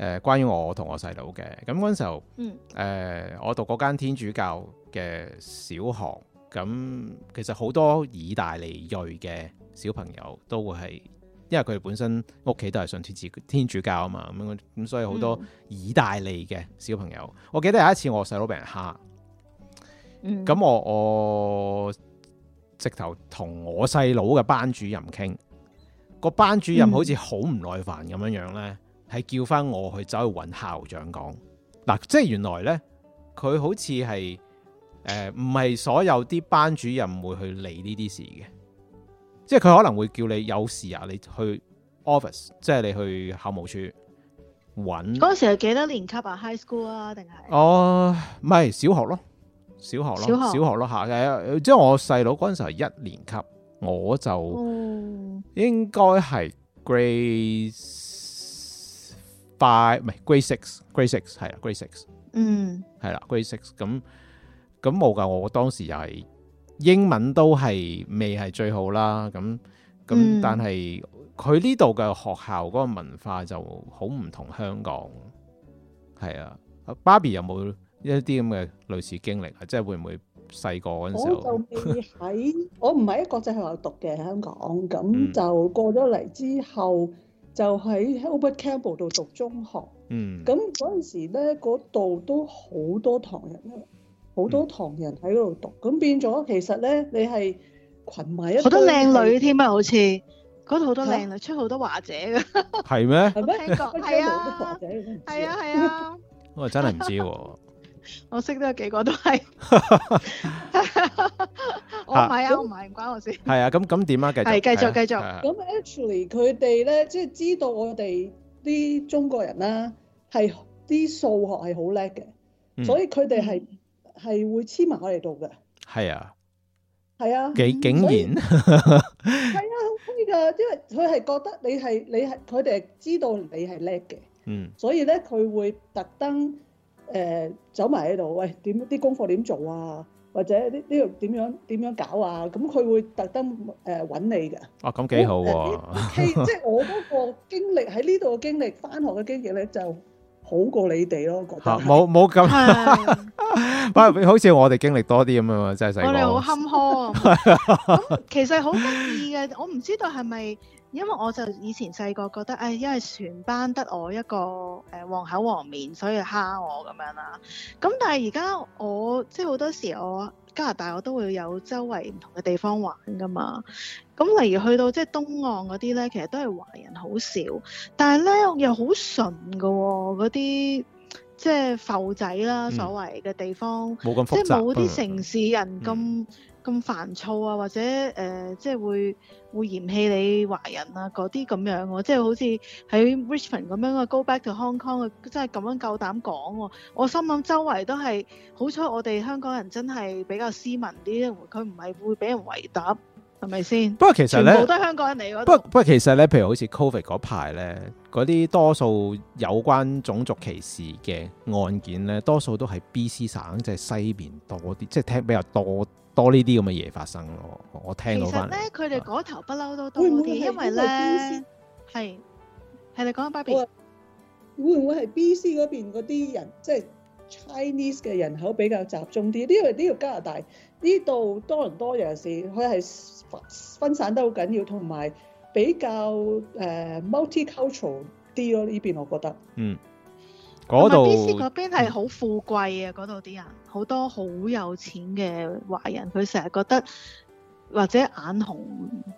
誒，關於我同我細佬嘅咁嗰陣時候，誒、嗯呃，我讀嗰間天主教嘅小學，咁其實好多義大利裔嘅小朋友都會係，因為佢哋本身屋企都係信天主天主教啊嘛，咁咁，所以好多義大利嘅小朋友，嗯、我記得有一次我細佬俾人蝦，咁、嗯、我我直頭同我細佬嘅班主任傾，個班主任好似好唔耐煩咁樣樣咧。嗯係叫翻我去走去揾校長講，嗱、啊，即係原來咧，佢好似係誒，呃，唔係所有啲班主任會去理呢啲事嘅，即係佢可能會叫你有事啊，你去 office，即係你去校務處揾。嗰時係幾多年級啊？High school 啊，定係？哦，唔係小學咯，小學咯，小學？小學咯吓嘅，即係我細佬嗰陣時係一年級，我就應該係 grade。快唔係 grade six，grade six 係啦，grade six，嗯係啦，grade six 咁，咁冇噶，我當時又係英文都係未係最好啦。咁咁、嗯、但係佢呢度嘅學校嗰個文化就好唔同香港，係啊，Barbie 有冇一啲咁嘅類似經歷啊？即、就、係、是、會唔會細個嗰陣時候？我就未喺， 我唔係喺國際學校讀嘅，香港咁就過咗嚟之後。嗯就喺 Albert Campbell 度讀中學，咁嗰陣時咧，嗰度都好多唐人啊，好多唐人喺嗰度讀，咁變咗其實咧，你係羣埋一，好多靚女添啊，好似嗰度好多靚女，出好多華姐㗎，係咩？係咩？係啊！係啊！係啊！我！真係唔知喎，我識得有幾個都係。我唔係啊，我唔係唔關我事。係啊，咁咁點啊？繼續係繼續繼續。咁 actually 佢哋咧，即係知道我哋啲中國人啦，係啲數學係好叻嘅，所以佢哋係係會黐埋我哋度嘅。係啊，係啊，幾竟然係啊，好中意㗎，因為佢係覺得你係你係，佢哋係知道你係叻嘅。嗯，所以咧佢會特登誒走埋喺度，喂，點啲功課點做啊？或者呢呢度點樣點樣搞啊？咁佢會特登誒搵你嘅。哦，咁幾好喎！即係我嗰個經歷喺呢度嘅經歷，返學嘅經歷咧就好過你哋咯，覺得。冇冇咁，不過好似我哋經歷多啲咁啊！真係細個，我哋好坎坷。咁其實好得意嘅，我唔知道係咪。因為我就以前細個覺得，誒、哎，因為全班得我一個誒黃、呃、口黃面，所以蝦我咁樣啦。咁但係而家我即係好多時我加拿大我都會有周圍唔同嘅地方玩㗎嘛。咁例如去到即係東岸嗰啲呢，其實都係華人好少，但係呢又好純㗎喎，嗰啲即係埠仔啦，所謂嘅地方，嗯、沒那麼即係冇啲城市人咁。嗯咁煩躁啊，或者、呃、即係會會嫌棄你華人啊，嗰啲咁樣喎、啊，即係好似喺 Richmond 咁樣啊，Go back to Hong Kong 啊，真係咁樣夠膽講喎！我心諗周圍都係，好彩我哋香港人真係比較斯文啲，佢唔係會俾人圍打，係咪先？不過其實咧，好多香港人嚟㗎。不過不過其實咧，譬如好似 Covid 嗰排咧，嗰啲多數有關種族歧視嘅案件咧，多數都係 BC 省即係、就是、西邊多啲，即、就、係、是、聽比較多。多呢啲咁嘅嘢發生咯，我聽到翻嚟，其實咧，佢哋嗰頭不嬲都多啲，會唔會因為咧，係係你講緊 Barbie。會唔會係 BC 嗰邊嗰啲人，即係 Chinese 嘅人口比較集中啲？因為呢度加拿大呢度多倫多又是，佢係分散得好緊要，同埋比較誒、呃、multi-cultural 啲咯。呢邊我覺得嗯。嗰度，嗰邊係好富貴啊！嗰度啲人好多好有錢嘅華人，佢成日覺得或者眼紅，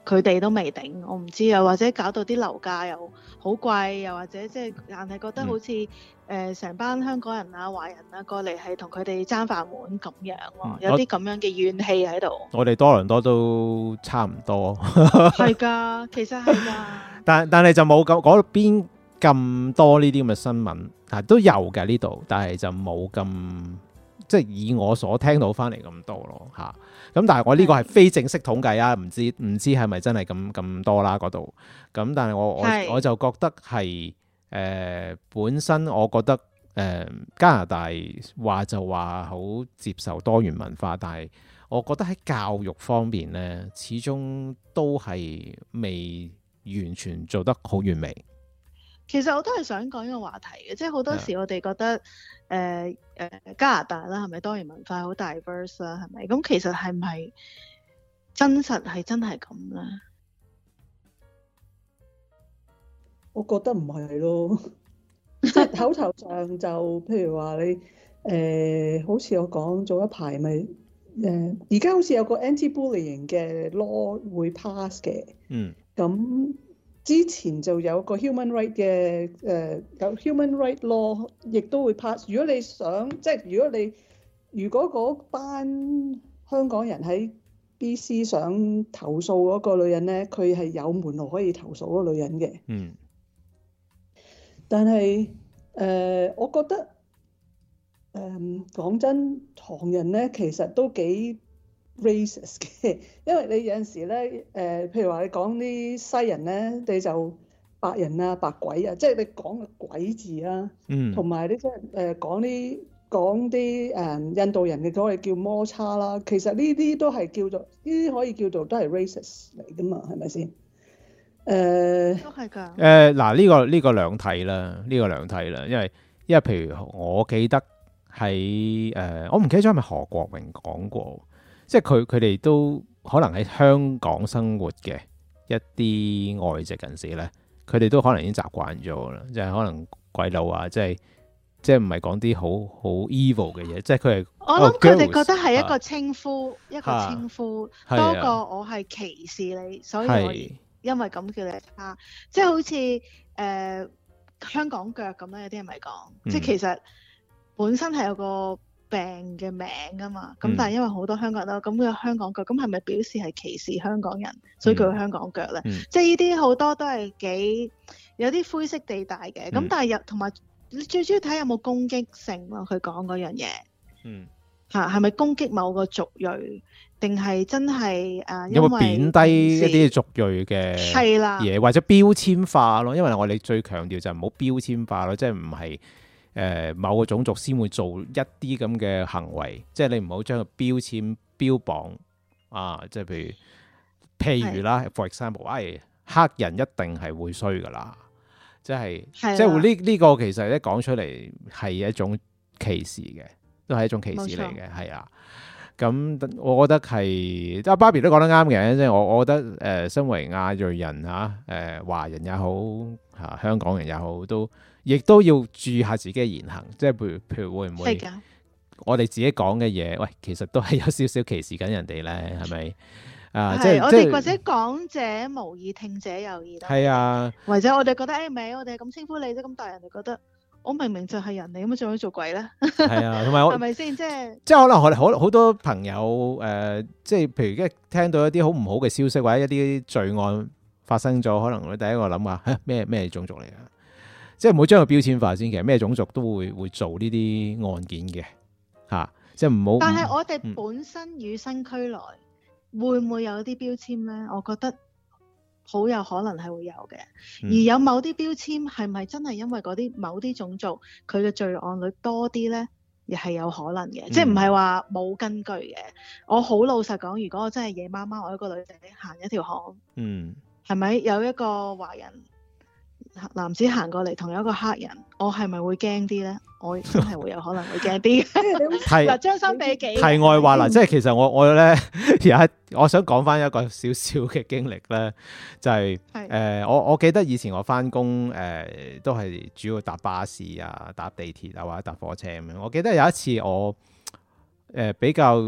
佢哋都未頂，我唔知啊。或者搞到啲樓價又好貴，又或者即係硬係覺得好似成、嗯呃、班香港人啊、華人啊過嚟係同佢哋爭飯碗咁樣、嗯、有啲咁樣嘅怨氣喺度。我哋多倫多都差唔多，係 噶，其實係啊 。但但係就冇咁嗰邊咁多呢啲咁嘅新聞。啊，都有嘅，呢度，但係就冇咁即係以我所聽到翻嚟咁多咯嚇。咁、啊、但係我呢個係非正式統計啊，唔知唔知係咪真係咁咁多啦嗰度。咁、啊、但係我是我我就覺得係誒、呃、本身，我覺得誒、呃、加拿大話就話好接受多元文化，但係我覺得喺教育方面咧，始終都係未完全做得好完美。其實我都係想講一個話題嘅，即係好多時我哋覺得誒誒、yeah. 呃、加拿大啦，係咪多元文化好 diverse 啦？係咪咁其實係唔係真實係真係咁啦。我覺得唔係咯，即、就、係、是、口頭上就 譬如話你誒、呃，好似我講早一排咪誒，而、呃、家好似有個 anti-bullying 嘅 law 會 pass 嘅，mm. 嗯，咁。之前就有個 human right 嘅誒有 human right law，亦都會 pass。如果你想即係、就是、如果你如果嗰班香港人喺 BC 想投訴嗰個女人呢，佢係有門路可以投訴嗰個女人嘅。嗯。但係誒，uh, 我覺得誒講、uh, 真，唐人呢其實都幾 racist 嘅，因為你有陣時咧，誒、呃，譬如話你講啲西人咧，你就白人啊、白鬼啊，即係你講個鬼字啦、啊嗯就是呃，嗯，同埋啲即係講啲講啲誒印度人嘅所謂叫摩擦啦，其實呢啲都係叫做呢啲可以叫做都係 racist 嚟噶嘛，係咪先？誒、呃，都係㗎。誒、呃、嗱，呢、這個呢、這個兩體啦，呢、這個兩睇啦，因為因為譬如我記得喺誒、呃，我唔記得咗係咪何國榮講過。即係佢佢哋都可能喺香港生活嘅一啲外籍人士咧，佢哋都可能已經習慣咗啦，即係可能鬼佬話，即係即係唔係講啲好好 evil 嘅嘢，即係佢係我諗佢哋覺得係一個稱呼，啊、一個稱呼、啊、多過我係歧、啊、歧視你，所以我因為咁叫你差，即係、啊就係、好似誒、呃、香港腳咁樣，有啲人咪講、嗯？即係其實本身係有個。病嘅名㗎嘛，咁但係因為好多香港人都咁佢香港腳，咁係咪表示係歧視香港人，所以佢香港腳咧、嗯嗯？即係呢啲好多都係幾有啲灰色地帶嘅。咁但係又同埋你最主要睇有冇攻擊性咯，佢講嗰樣嘢。嗯。嚇，係咪攻擊某個族裔？定係真係誒？有、啊、冇貶低一啲族裔嘅？係啦。嘢或者標籤化咯，因為我哋最強調就唔好標籤化咯，即係唔係。誒、呃，某個種族先會做一啲咁嘅行為，即係你唔好將個標籤標榜啊！即係譬如譬如啦，for example，唉、哎，黑人一定係會衰噶啦，即係即係呢呢個其實一講出嚟係一種歧視嘅，都係一種歧視嚟嘅，係啊。咁我覺得係阿 Barbie 都講得啱嘅，即係我我覺得誒，身為亞裔人吓，誒、啊呃，華人也好吓、啊，香港人也好都。亦都要注意下自己嘅言行，即係譬如譬如會唔會我哋自己講嘅嘢，喂，其實都係有少少歧視緊人哋咧，係咪啊？即係我哋或者講者無意，聽者有意啦。係啊，或者我哋覺得誒，咪、哎、我哋咁稱呼你啫，咁大人咪覺得我明明就係人嚟，咁做咩做鬼咧？係啊，同埋係咪先？即係即係可能我哋好好多朋友誒、呃，即係譬如一聽到一啲好唔好嘅消息或者一啲罪案發生咗，可能會第一個諗話吓咩咩種族嚟噶？即係唔好將佢標籤化先，其實咩種族都會會做呢啲案件嘅。吓、啊，即係唔好。但係我哋本身與生俱來、嗯、會唔會有啲標籤咧？我覺得好有可能係會有嘅。而有某啲標籤係咪真係因為嗰啲某啲種族佢嘅罪案率多啲咧？亦係有可能嘅，即係唔係話冇根據嘅、嗯。我好老實講，如果我真係夜媽媽，我一個女仔行一條巷，嗯，係咪有一個華人？男子行過嚟，同一個黑人，我係咪會驚啲咧？我真係會有可能會驚啲。嗱 提，將心比己。題外話嗱，即係其實我我咧而家我想講翻一個少少嘅經歷咧，就係、是、誒、呃、我我記得以前我翻工誒都係主要搭巴士啊、搭地鐵啊或者搭火車咁樣。我記得有一次我誒、呃、比較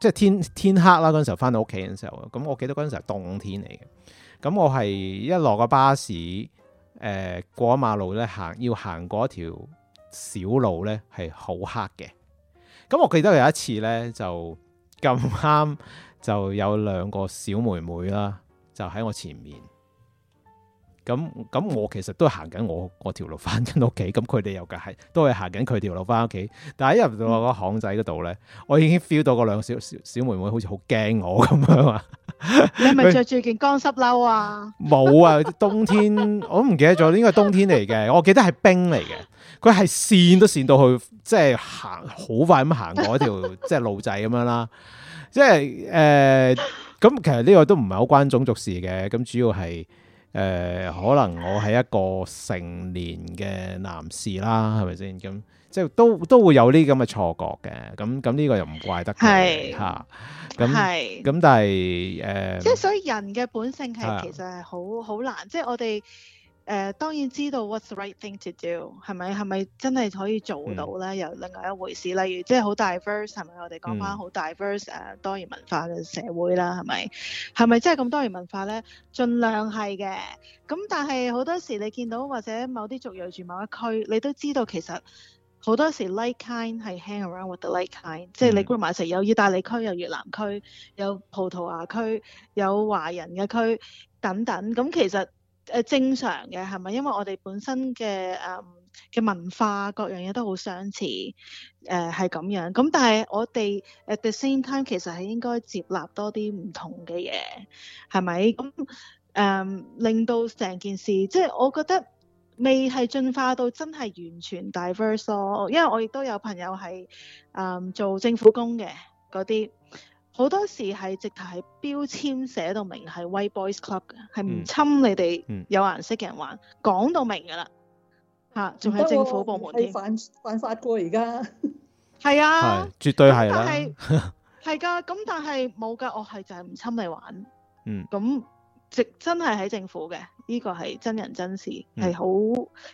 即係天天黑啦嗰陣時候翻到屋企嗰陣時候啊，咁我記得嗰陣時候係凍天嚟嘅，咁我係一落個巴士。誒、呃、過馬路咧行，要行嗰條小路咧，係好黑嘅。咁我記得有一次咧，就咁啱就有兩個小妹妹啦，就喺我前面。咁咁，我其實都行緊我我條路翻緊屋企，咁佢哋又嘅係都係行緊佢條路翻屋企。但係一入到個巷仔嗰度咧，我已經 feel 到兩個兩小小，小妹妹好似好驚我咁樣是是啊！你係咪着住件乾濕褸啊？冇啊，冬天 我唔記得咗應該係冬天嚟嘅，我記得係冰嚟嘅。佢係跣都跣到去，即係行好快咁行過一條即係路仔咁樣啦。即係誒，咁、呃、其實呢個都唔係好關種族事嘅，咁主要係。誒、呃、可能我係一個成年嘅男士啦，係咪先？咁即係都都會有呢啲咁嘅錯覺嘅，咁咁呢個又唔怪得佢嚇。咁咁、啊、但係誒、呃，即係所以人嘅本性係其實係好好難，即係我哋。誒、呃、當然知道 what's the right thing to do 係咪係咪真係可以做到咧、嗯？又另外一回事。例如即係好 diverse 係咪？我哋講翻好 diverse 誒、啊、多元文化嘅社會啦，係咪？係咪真係咁多元文化咧？盡量係嘅。咁但係好多時你見到或者某啲族裔住某一區，你都知道其實好多時 like kind 係 hang around with the like kind，嗯、即係你 group 埋一齊有意大利區，有越南區、有葡萄牙區、有華人嘅區等等。咁其實誒正常嘅係咪？因為我哋本身嘅誒嘅文化各樣嘢都好相似，誒係咁樣。咁但係我哋 at the same time 其實係應該接納多啲唔同嘅嘢，係咪？咁誒、嗯、令到成件事，即係我覺得未係進化到真係完全 diverse 咯。因為我亦都有朋友係誒、嗯、做政府工嘅嗰啲。好多時係直頭係標籤寫到明係 White Boys Club 嘅，係唔侵你哋有顏色嘅人玩，講、嗯嗯、到明噶啦吓，仲、啊、係政府部門添犯犯法過而家係啊是，絕對係啦，係噶咁， 是但係冇噶，我係就係唔侵你玩，嗯咁直真係喺政府嘅呢、這個係真人真事，係、嗯、好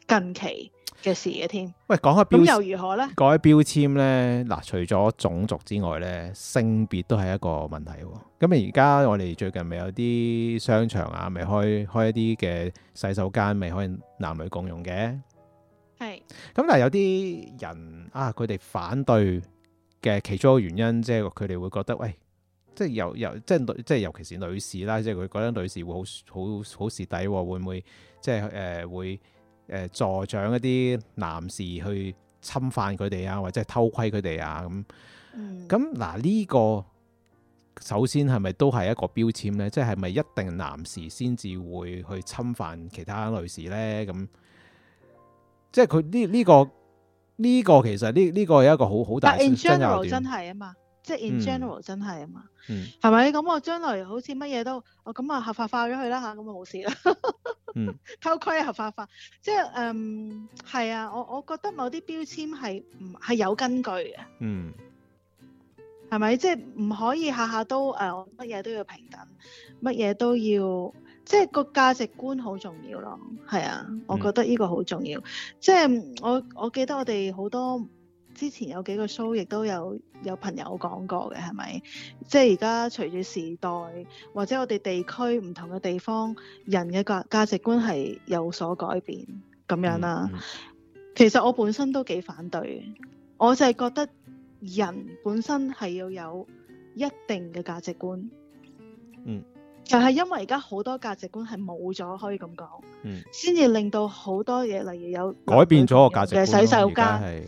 近期。嘅事嘅、啊、添，喂，講下標又如何咧？改標籤咧，嗱、啊，除咗種族之外咧，性別都係一個問題、哦。咁而家我哋最近咪有啲商場啊，咪開開一啲嘅洗手間，咪可以男女共用嘅。係，咁、嗯、但係有啲人啊，佢哋反對嘅其中一個原因，即係佢哋會覺得，喂、哎，即係由由，即係即係，尤其是女士啦，即係佢覺得女士會好好好蝕底、哦，會唔會即係誒會？誒助長一啲男士去侵犯佢哋啊，或者偷窺佢哋啊咁。咁嗱呢個首先係咪都係一個標籤咧？即係係咪一定男士先至會去侵犯其他女士咧？咁即係佢呢呢個呢、這個其實呢呢、這個係一個好好大嘅。真係啊嘛！即係 in general、嗯、真係啊嘛，係、嗯、咪？咁我將來好似乜嘢都，咁啊合法化咗佢啦吓，咁啊冇事啦、 嗯。偷窺合法化，即係誒係啊！我我覺得某啲標籤係唔係有根據嘅。嗯。係咪？即係唔可以下下都誒，乜、呃、嘢都要平等，乜嘢都要，即係個價值觀好重要咯。係啊，我覺得呢個好重要。嗯、即係我我記得我哋好多。之前有幾個 show 亦都有有朋友講過嘅，係咪？即係而家隨住時代或者我哋地區唔同嘅地方，人嘅價價值觀係有所改變咁樣啦、啊嗯嗯。其實我本身都幾反對，我就係覺得人本身係要有一定嘅價值觀。嗯。就係、是、因為而家好多價值觀係冇咗，可以咁講，先、嗯、至令到好多嘢，例如有改變咗個價值觀洗手間，而家係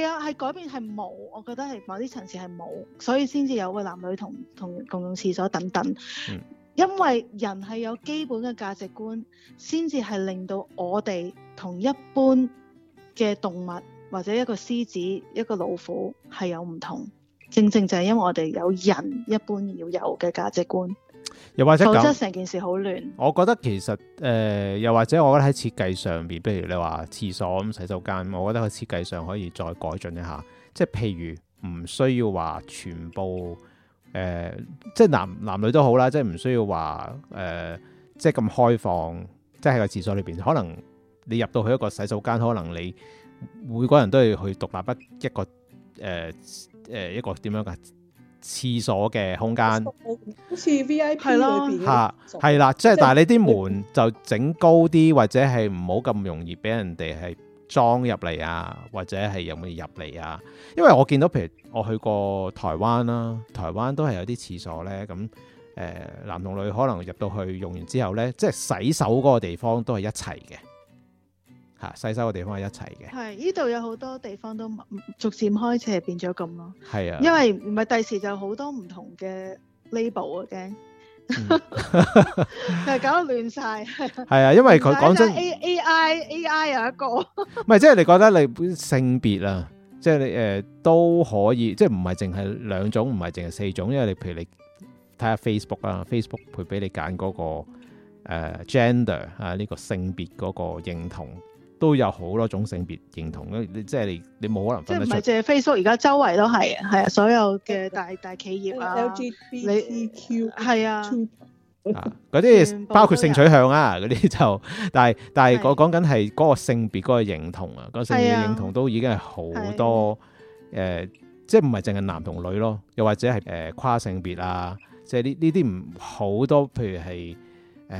係啊，係改變係冇。我覺得係某啲層次係冇，所以先至有個男女同同共用廁所等等。嗯、因為人係有基本嘅價值觀，先至係令到我哋同一般嘅動物或者一個獅子、一個老虎係有唔同。正正就係因為我哋有人一般要有嘅價值觀。又或者講，成件事好亂。我覺得其實誒、呃，又或者我覺得喺設計上邊，譬如你話廁所咁洗手間，我覺得佢設計上可以再改進一下。即係譬如唔需要話全部誒，即係男男女都好啦，即係唔需要話誒，即係咁開放，即係喺個廁所裏邊，可能你入到去一個洗手間，可能你每個人都係去獨立不一個誒、呃、誒一個點、呃、樣嘅。廁所嘅空間，好似 V I P 裏邊。嚇，係啦，即係但係你啲門就整高啲，或者係唔好咁容易俾人哋係裝入嚟啊，或者係有冇入嚟啊？因為我見到譬如我去過台灣啦，台灣都係有啲廁所咧，咁誒、呃、男同女可能入到去用完之後咧，即係洗手嗰個地方都係一齊嘅。嚇，細收嘅地方係一齊嘅。係，依度有好多地方都逐漸開始變咗咁咯。係啊，因為唔係第時就好多唔同嘅 label 啊，驚，就係搞到亂晒。係啊，因為佢講真，A A I A I 有一個。唔係，即係你覺得你性別啊，即係你誒都可以，即係唔係淨係兩種，唔係淨係四種，因為你譬如你睇下 Facebook 啊，Facebook 會俾你揀嗰個誒 gender 啊，呢個性別嗰個認同。都有好多種性別認同，你即係你你冇可能分得出。即係 Facebook 而家周圍都係，係啊，所有嘅大大企業啊，LGBTQ 係啊，啊嗰啲包括性取向啊，嗰啲就但係但係我講緊係嗰個性別嗰個認同啊，嗰個性別認同都已經係好多誒，即係唔係淨係男同女咯？又或者係誒跨性別啊？即係呢呢啲唔好多，譬如係。誒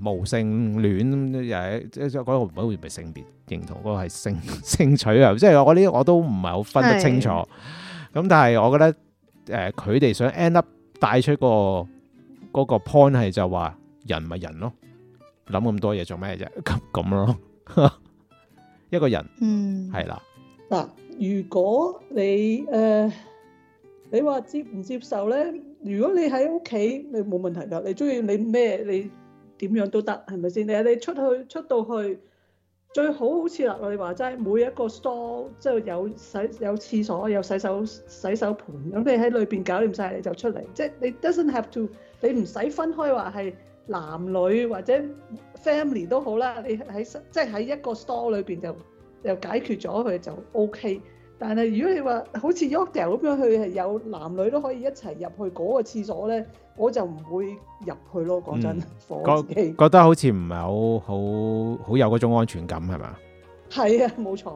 無性戀又係即係嗰個唔好唔係性別認同，嗰個係性性取向，即係我嗰啲我都唔係好分得清楚。咁但係我覺得誒佢哋想 end up 帶出個嗰個 point 係就話人咪人咯，諗咁多嘢做咩啫？咁咁咯，一個人嗯，係啦。嗱，如果你誒你話接唔接受咧？如果你喺屋企你冇問題㗎，你中意你咩你？點樣都得係咪先？你你出去出到去最好好似啦，我哋話齋每一個 store 即係有洗有廁所，有洗手洗手盆咁，你喺裏邊搞掂晒，你就出嚟。即係你 doesn't have to，你唔使分開話係男女或者 family 都好啦。你喺即係喺一個 store 裏邊就又解決咗佢就 OK。但係，如果你話好似 Yorkdale 咁樣去，佢係有男女都可以一齊入去嗰、嗰個廁所咧，我就唔會入去咯。講、嗯、真，火覺得好似唔係好好好有嗰種安全感係咪？係啊，冇錯。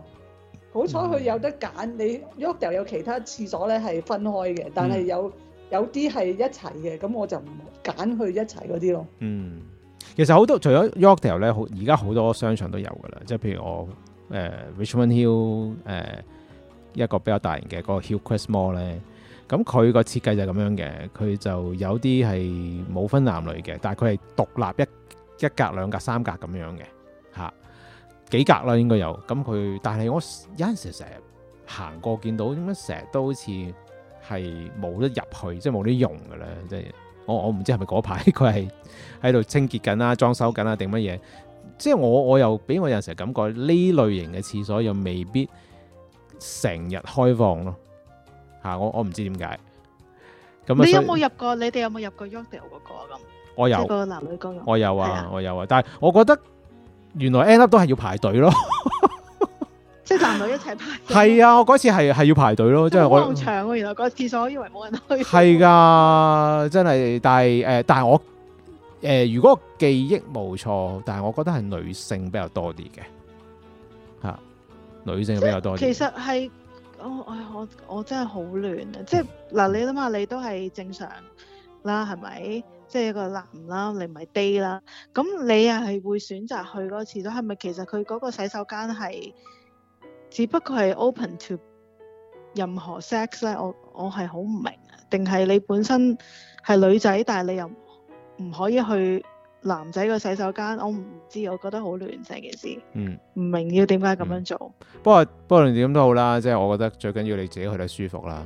好彩佢有得揀，你 Yorkdale 有其他廁所咧係分開嘅，但係有、嗯、有啲係一齊嘅，咁我就唔揀去一齊嗰啲咯。嗯，其實好多除咗 Yorkdale 咧，好而家好多商場都有㗎啦，即係譬如我誒、呃、Richmond Hill 誒、呃。一個比較大型嘅個 Hillcrest Mall 咧，咁佢個設計就係咁樣嘅，佢就有啲係冇分男女嘅，但係佢係獨立一一格、兩格、三格咁樣嘅嚇幾格啦，應該有咁佢。但係我有陣時成日行過見到點解成日都好似係冇得入去，即係冇得用噶啦、就是，即係我我唔知係咪嗰排佢係喺度清潔緊啦、裝修緊啊定乜嘢？即係我我又俾我有陣時感覺呢類型嘅廁所又未必。成日開放咯，吓我我唔知點解。咁你有冇入過？你哋有冇入過 y o 嗰個？咁我有，即係、個男女我有啊，我有啊，但係我覺得原來 end up 都係要排隊咯，即 係男女一齊排隊。係 啊，我嗰次係係要排隊咯，即係好長啊。原來嗰個廁所，我以為冇人去。係噶，真係，但係誒、呃，但係我誒、呃，如果記憶冇錯，但係我覺得係女性比較多啲嘅，吓、啊。女性比較多啲。即係其實係，我我我我真係好亂啊！即係嗱，你諗下，你都係正常啦，係咪？即係一個男啦，你唔係 gay 啦，咁你又係會選擇去嗰次都係咪？其實佢嗰個洗手間係，只不過係 open to 任何 sex 咧。我我係好唔明啊，定係你本身係女仔，但係你又唔可以去？男仔個洗手間，我唔知，我覺得好亂成件事，唔、嗯、唔明要點解咁樣做。嗯嗯、不過不過，無論點都好啦，即係我覺得最緊要你自己去得舒服啦。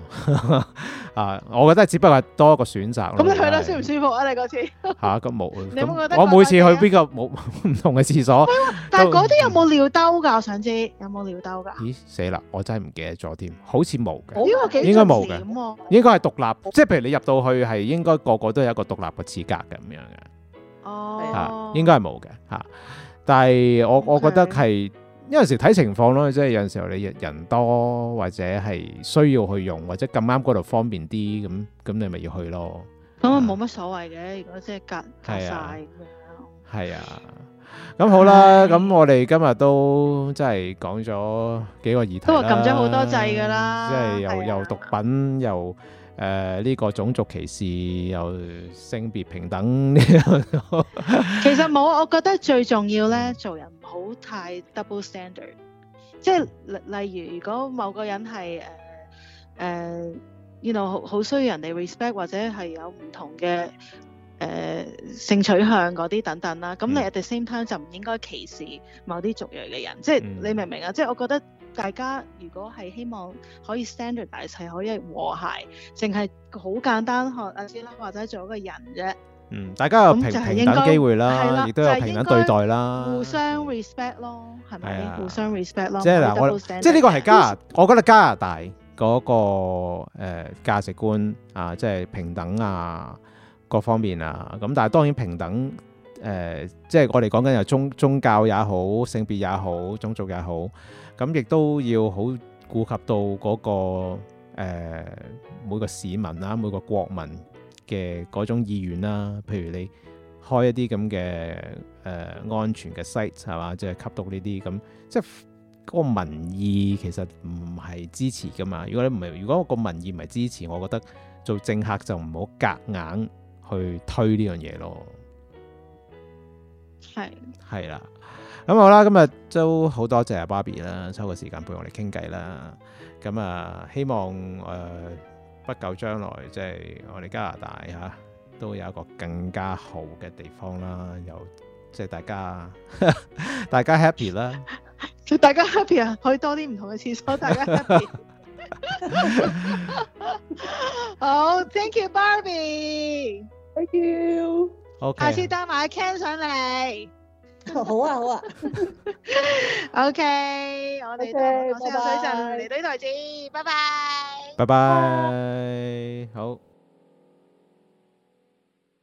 啊， 我覺得只不過係多一個選擇。咁你去得舒唔舒服那 啊？你嗰次吓咁冇，你有冇覺得，得？我每次去邊個冇唔同嘅廁所。唔係，但係嗰啲有冇尿兜噶？我想知有冇尿兜噶？咦，死啦！我真係唔記得咗添，好似冇嘅，應該冇嘅，應該係獨立。 即係譬如你入到去係應該個個都有一個獨立嘅廁格咁樣嘅。哦，嚇，應該係冇嘅嚇，但係我我覺得係有陣時睇情況咯，即係有陣時候你人多或者係需要去用或者咁啱嗰度方便啲，咁咁你咪要去咯。咁啊，冇乜所謂嘅，如果即係隔晒曬係啊，咁好啦，咁我哋今日都即係講咗幾個議題都話撳咗好多掣㗎啦，即係又又毒品又。誒呢個種族歧視又性別平等呢樣，其實冇。我覺得最重要呢，做人唔好太 double standard。即係例例如，如果某個人係誒誒，you know 好好需要人哋 respect，或者係有唔同嘅誒性取向嗰啲等等啦，咁你 at the same time 就唔應該歧視某啲族裔嘅人。即係你明唔明啊？即係我覺得。大家如果係希望可以 standardize，大齊可以和諧，淨係好簡單學啊！啦，或者做一個人啫。嗯，大家有平、嗯就是、平等機會啦，亦都有平等對待啦，就是、互相 respect 咯，係、嗯、咪、啊？互相 respect 咯。嗯、即係嗱，我即係呢個係加拿、嗯，我覺得加拿大嗰、那個誒、呃、價值觀啊，即係平等啊，各方面啊，咁但係當然平等誒、呃，即係我哋講緊由宗宗教也好，性別也好，種族也好。咁亦都要好顧及到嗰個誒每個市民啦，每個國民嘅嗰種意願啦。譬如你開一啲咁嘅誒安全嘅 site 係嘛，即係吸毒呢啲咁，即係嗰個民意其實唔係支持噶嘛。如果你唔係，如果個民意唔係支持，我覺得做政客就唔好夾硬去推呢樣嘢咯。係係啦。咁、嗯、好啦，今日都好多謝阿 Barbie 啦，抽個時間陪我哋傾偈啦。咁、嗯、啊，希望誒、呃、不久將來，即、就、係、是、我哋加拿大吓、啊，都有一個更加好嘅地方啦。又即係大家呵呵，大家 happy 啦！祝大家 happy 啊！可以多啲唔同嘅廁所，大家 happy 好、 oh,，Thank you，Barbie，Thank you。O K，下次帶埋個 Ken 上嚟。好啊好啊，OK，我哋再我收水神嚟對台字，拜拜，拜拜，好。